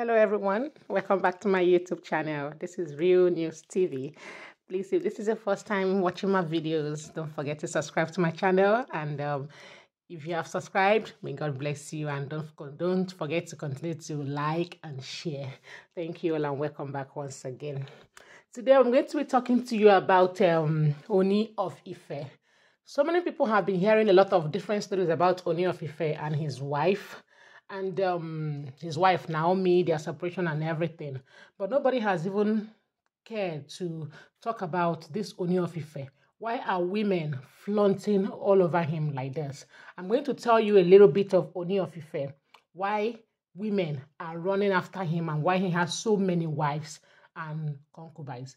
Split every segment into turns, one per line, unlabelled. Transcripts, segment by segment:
Hello everyone, welcome back to my YouTube channel. This is Real News TV. Please, if this is your first time watching my videos, don't forget to subscribe to my channel. And um, if you have subscribed, may God bless you. And don't, don't forget to continue to like and share. Thank you all and welcome back once again. Today I'm going to be talking to you about um, Oni of Ife. So many people have been hearing a lot of different stories about Oni of Ife and his wife and um, his wife Naomi, their separation and everything. But nobody has even cared to talk about this Oni Why are women flaunting all over him like this? I'm going to tell you a little bit of Oni why women are running after him and why he has so many wives and concubines.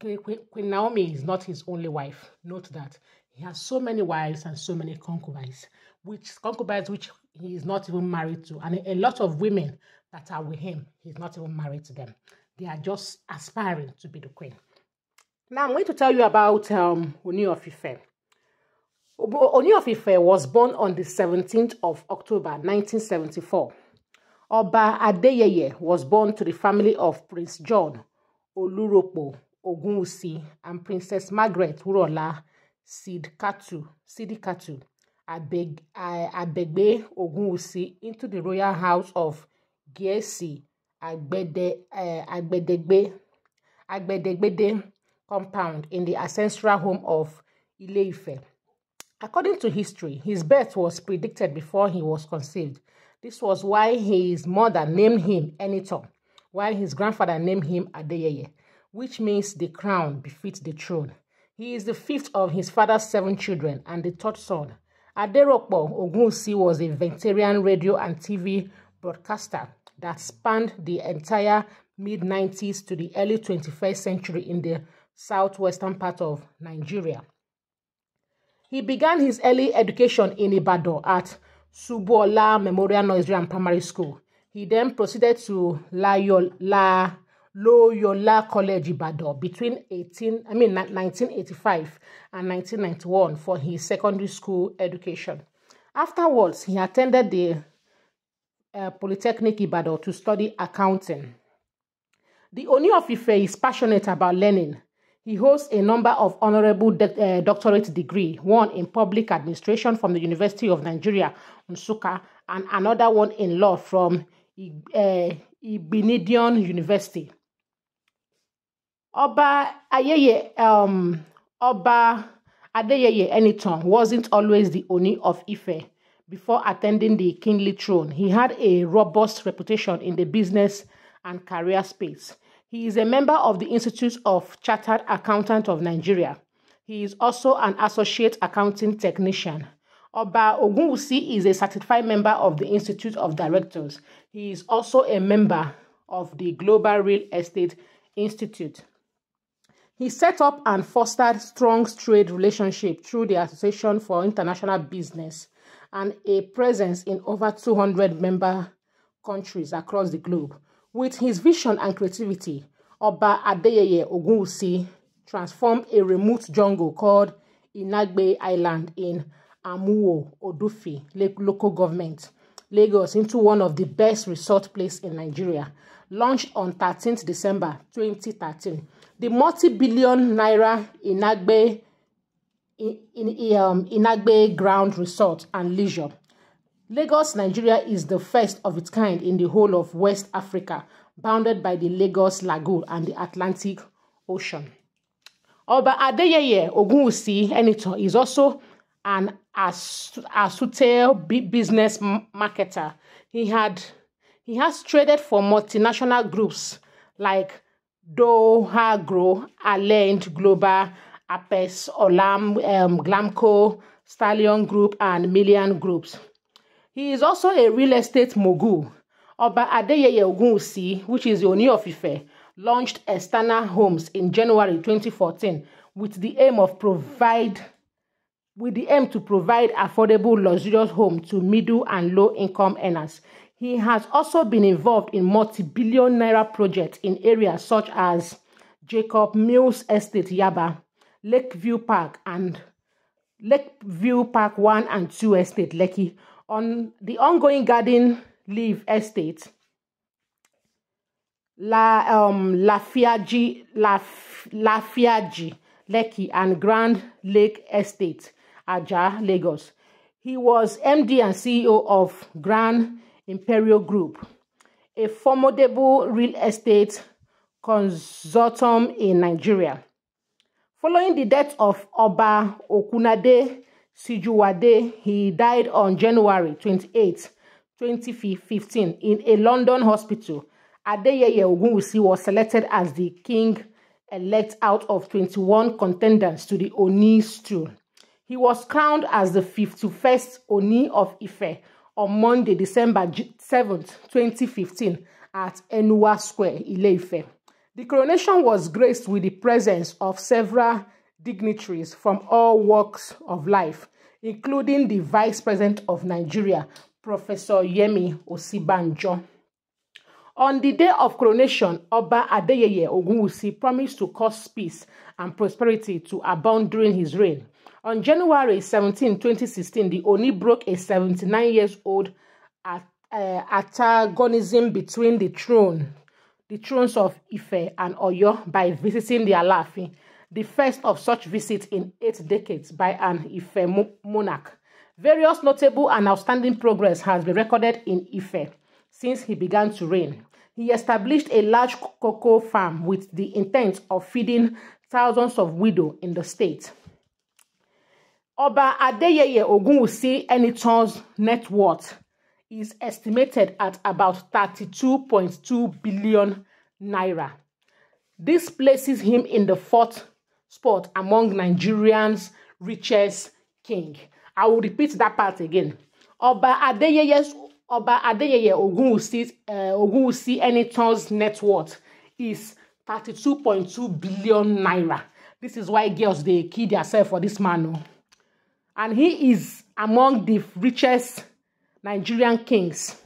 Queen Naomi is not his only wife. Note that he has so many wives and so many concubines, which concubines which he is not even married to. And a lot of women that are with him, he's not even married to them. They are just aspiring to be the queen. Now I'm going to tell you about um, Oni of Ife. Oni of was born on the 17th of October 1974. Oba Adeyeye was born to the family of Prince John Oluropo Ogunwusi and Princess Margaret Urola Sidikatu. Sidikatu. Abeg, Abegbe Ogunwusi into the royal house of Gyesi Agbede, uh, Agbedegbe, Agbedegbede compound in the ancestral home of Ileife. According to history, his birth was predicted before he was conceived. This was why his mother named him Eniton, while his grandfather named him Adeyeye, which means the crown befits the throne. He is the fifth of his father's seven children and the third son. Aderopo Ogunsi was a veteran radio and TV broadcaster that spanned the entire mid-90s to the early 21st century in the southwestern part of Nigeria. He began his early education in Ibadan at Subuola Memorial Nursery and Primary School. He then proceeded to La. Loyola College Ibadan between 18 I mean 1985 and 1991 for his secondary school education. Afterwards, he attended the uh, Polytechnic Ibadan to study accounting. The Oni of Ife is passionate about learning. He holds a number of honorable de- uh, doctorate degree, one in public administration from the University of Nigeria, Nsuka, and another one in law from uh, Ibinidion University. Oba Ayeye, um, Oba Adeyeye Eniton wasn't always the Oni of Ife. Before attending the kingly throne, he had a robust reputation in the business and career space. He is a member of the Institute of Chartered Accountant of Nigeria. He is also an associate accounting technician. Oba Ogunwusi is a certified member of the Institute of Directors. He is also a member of the Global Real Estate Institute. He set up and fostered strong trade relationships through the Association for International Business and a presence in over 200 member countries across the globe. With his vision and creativity, Oba Adeyeye Ogunwusi transformed a remote jungle called Inagbe Island in Amuwo, Odufi local government Lagos into one of the best resort places in Nigeria. Launched on 13th December 2013, the multi-billion naira Inagbe in, in, um, Inagbe Ground Resort and Leisure. Lagos, Nigeria is the first of its kind in the whole of West Africa, bounded by the Lagos Lagoon and the Atlantic Ocean. Oba Adeyeye Ogunwusi Enitan is also an astute business marketer. He had he has traded for multinational groups like Doha Dohagro, Alent Global, Apex, Olam, um, Glamco, Stallion Group, and Million Groups. He is also a real estate mogul. Oba Adeyeye Ogunwusi, which is Oni of Ife, launched Estana Homes in January 2014 with the aim of provide with the aim to provide affordable, luxurious homes to middle and low income earners. He has also been involved in multi billion naira projects in areas such as Jacob Mills Estate, Yaba, Lakeview Park, and Lakeview Park 1 and 2 Estate, Lekki, on the ongoing Garden Leaf Estate. La um Lafiagi Laf, Lafiagi Lekki and Grand Lake Estate Ajah, Lagos. He was MD and CEO of Grand Imperial Group, a formidable real estate consortium in Nigeria. Following the death of Oba Okunade Sijuwade, he died on January 28, 2015, in a London hospital. Adeyeye Ogunwusi was selected as the king-elect out of 21 contenders to the Oni throne. He was crowned as the 51st Oni of Ife on Monday, December 7 2015, at Enua Square, Ile-Ife. The coronation was graced with the presence of several dignitaries from all walks of life, including the Vice President of Nigeria, Professor Yemi Osibanjo. On the day of coronation, Oba Adeyeye Ogunwusi promised to cause peace and prosperity to abound during his reign. On January 17, 2016, the Oni broke a 79 years old at, uh, antagonism between the throne, the thrones of Ife and Oyo by visiting the Alaafin, the first of such visits in eight decades by an Ife monarch. Various notable and outstanding progress has been recorded in Ife since he began to reign. He established a large cocoa farm with the intent of feeding thousands of widows in the state. Oba Adeyeye Ogunwusi Eniton's net worth is estimated at about 32.2 billion naira. This places him in the fourth spot among Nigerians' richest king. I will repeat that part again. Oba Adeyeye's Oba Adeyeye Ogunwusi uh, eh, Ogunwusi Eniton's net worth is two billion naira. This is why girls they kill themselves for this man. Oh. And he is among the richest Nigerian kings.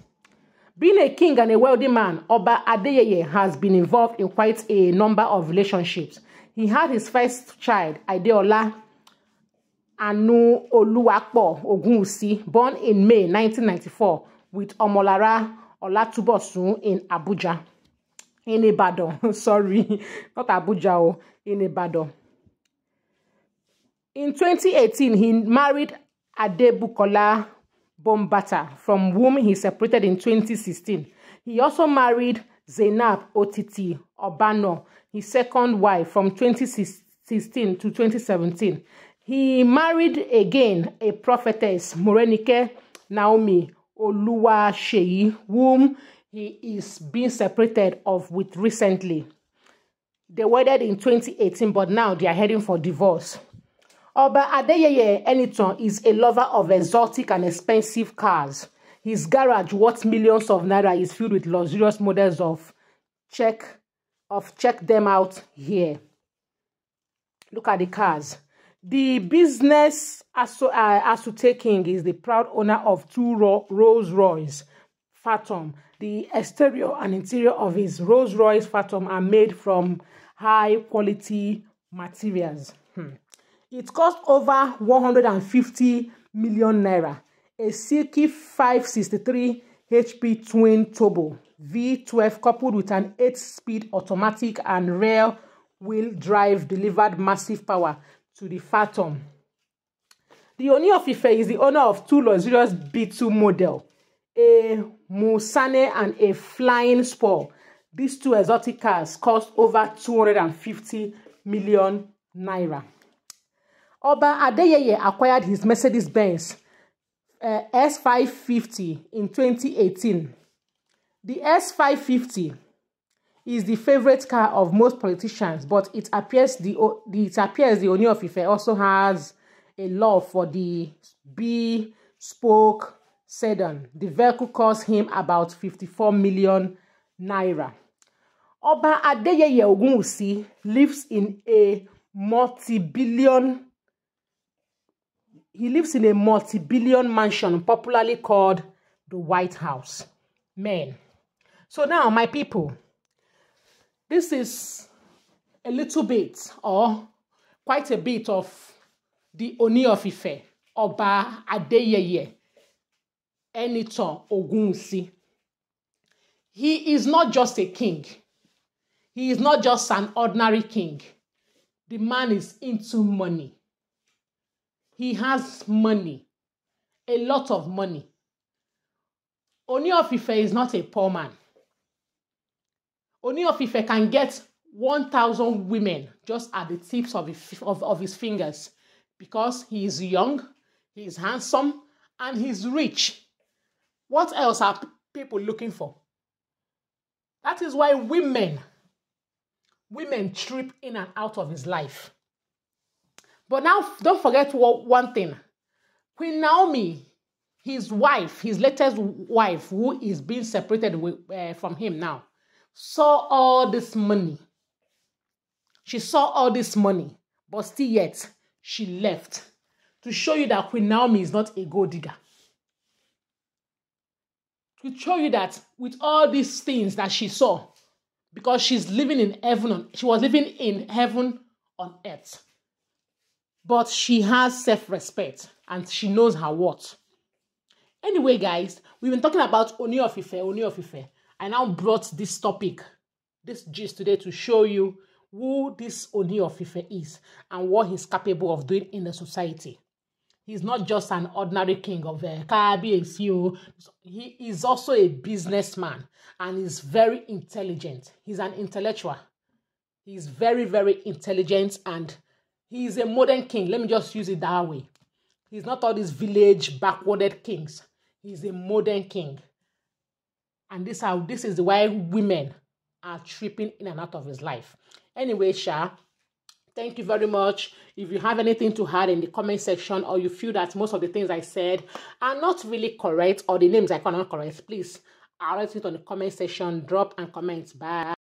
Being a king and a wealthy man, Oba Adeyeye has been involved in quite a number of relationships. He had his first child, Adeola Anu Oluwapo Ogunwusi, born in May nineteen ninety-four. with Omolara Olatubosun in Abuja. In Ibadan, sorry, not Abuja, oh, in Ibadan. In 2018, he married Adebukola Bombata, from whom he separated in 2016. He also married Zainab Otiti Obano, his second wife, from 2016 to 2017. He married again a prophetess, Morenike Naomi Sheyi, whom he is being separated of with recently. They wedded in 2018, but now they are heading for divorce. Oba Adeyeye Enitan is a lover of exotic and expensive cars. His garage, worth millions of naira, is filled with luxurious models of check of check them out here. Look at the cars. The business as uh, taking is the proud owner of two Rolls Royce Phantom. The exterior and interior of his Rolls Royce Phantom are made from high quality materials. Hmm. It cost over 150 million naira. A silky 563 HP twin turbo V12 coupled with an 8-speed automatic and rear wheel drive delivered massive power to the Phantom, The Oni of Ife is the owner of two luxurious B2 model, a Musane and a Flying Spore. These two exotic cars cost over 250 million naira. Oba Adeyeye acquired his Mercedes-Benz uh, eh, S550 in 2018. The S550 is the favorite car of most politicians, but it appears the, it appears the Oni of Ife also has a love for the B-spoke sedan. The vehicle costs him about 54 million naira. Oba Adeyeye Ogunwusi lives in a multi-billion he lives in a multi-billion mansion popularly called the White House. Men. So now, my people, This is a little bit or quite a bit of the Oni of Ife, Ọba Adeyeye, Enitan Ogunsi. He is not just a king. He is not just an ordinary king. The man is into money. He has money, a lot of money. Oni of Ife is not a poor man. Oni if he can get 1,000 women just at the tips of his, of, of his fingers because he is young, he is handsome, and he's rich. What else are people looking for? That is why women, women trip in and out of his life. But now, don't forget one thing. Queen Naomi, his wife, his latest wife, who is being separated with, eh, uh, from him now, saw all this money. She saw all this money, but still yet she left to show you that Queen Naomi is not a gold digger. To show you that with all these things that she saw, because she's living in heaven, on, she was living in heaven on earth. But she has self respect and she knows her worth. Anyway, guys, we've been talking about Oni of Ife, Oni of Ife. I now brought this topic, this gist today to show you who this Oni of Ife is and what he's capable of doing in the society. He's not just an ordinary king of uh, eh, Kabi He is also a businessman and is very intelligent. He's an intellectual. He's very, very intelligent and he is a modern king. Let me just use it that way. He's not all these village backwarded kings. He's a modern king. And this how this is why women are tripping in and out of his life. Anyway, Sha, thank you very much. If you have anything to add in the comment section or you feel that most of the things I said are not really correct or the names I cannot correct, please I'll write it on the comment section. Drop and comment. Bye.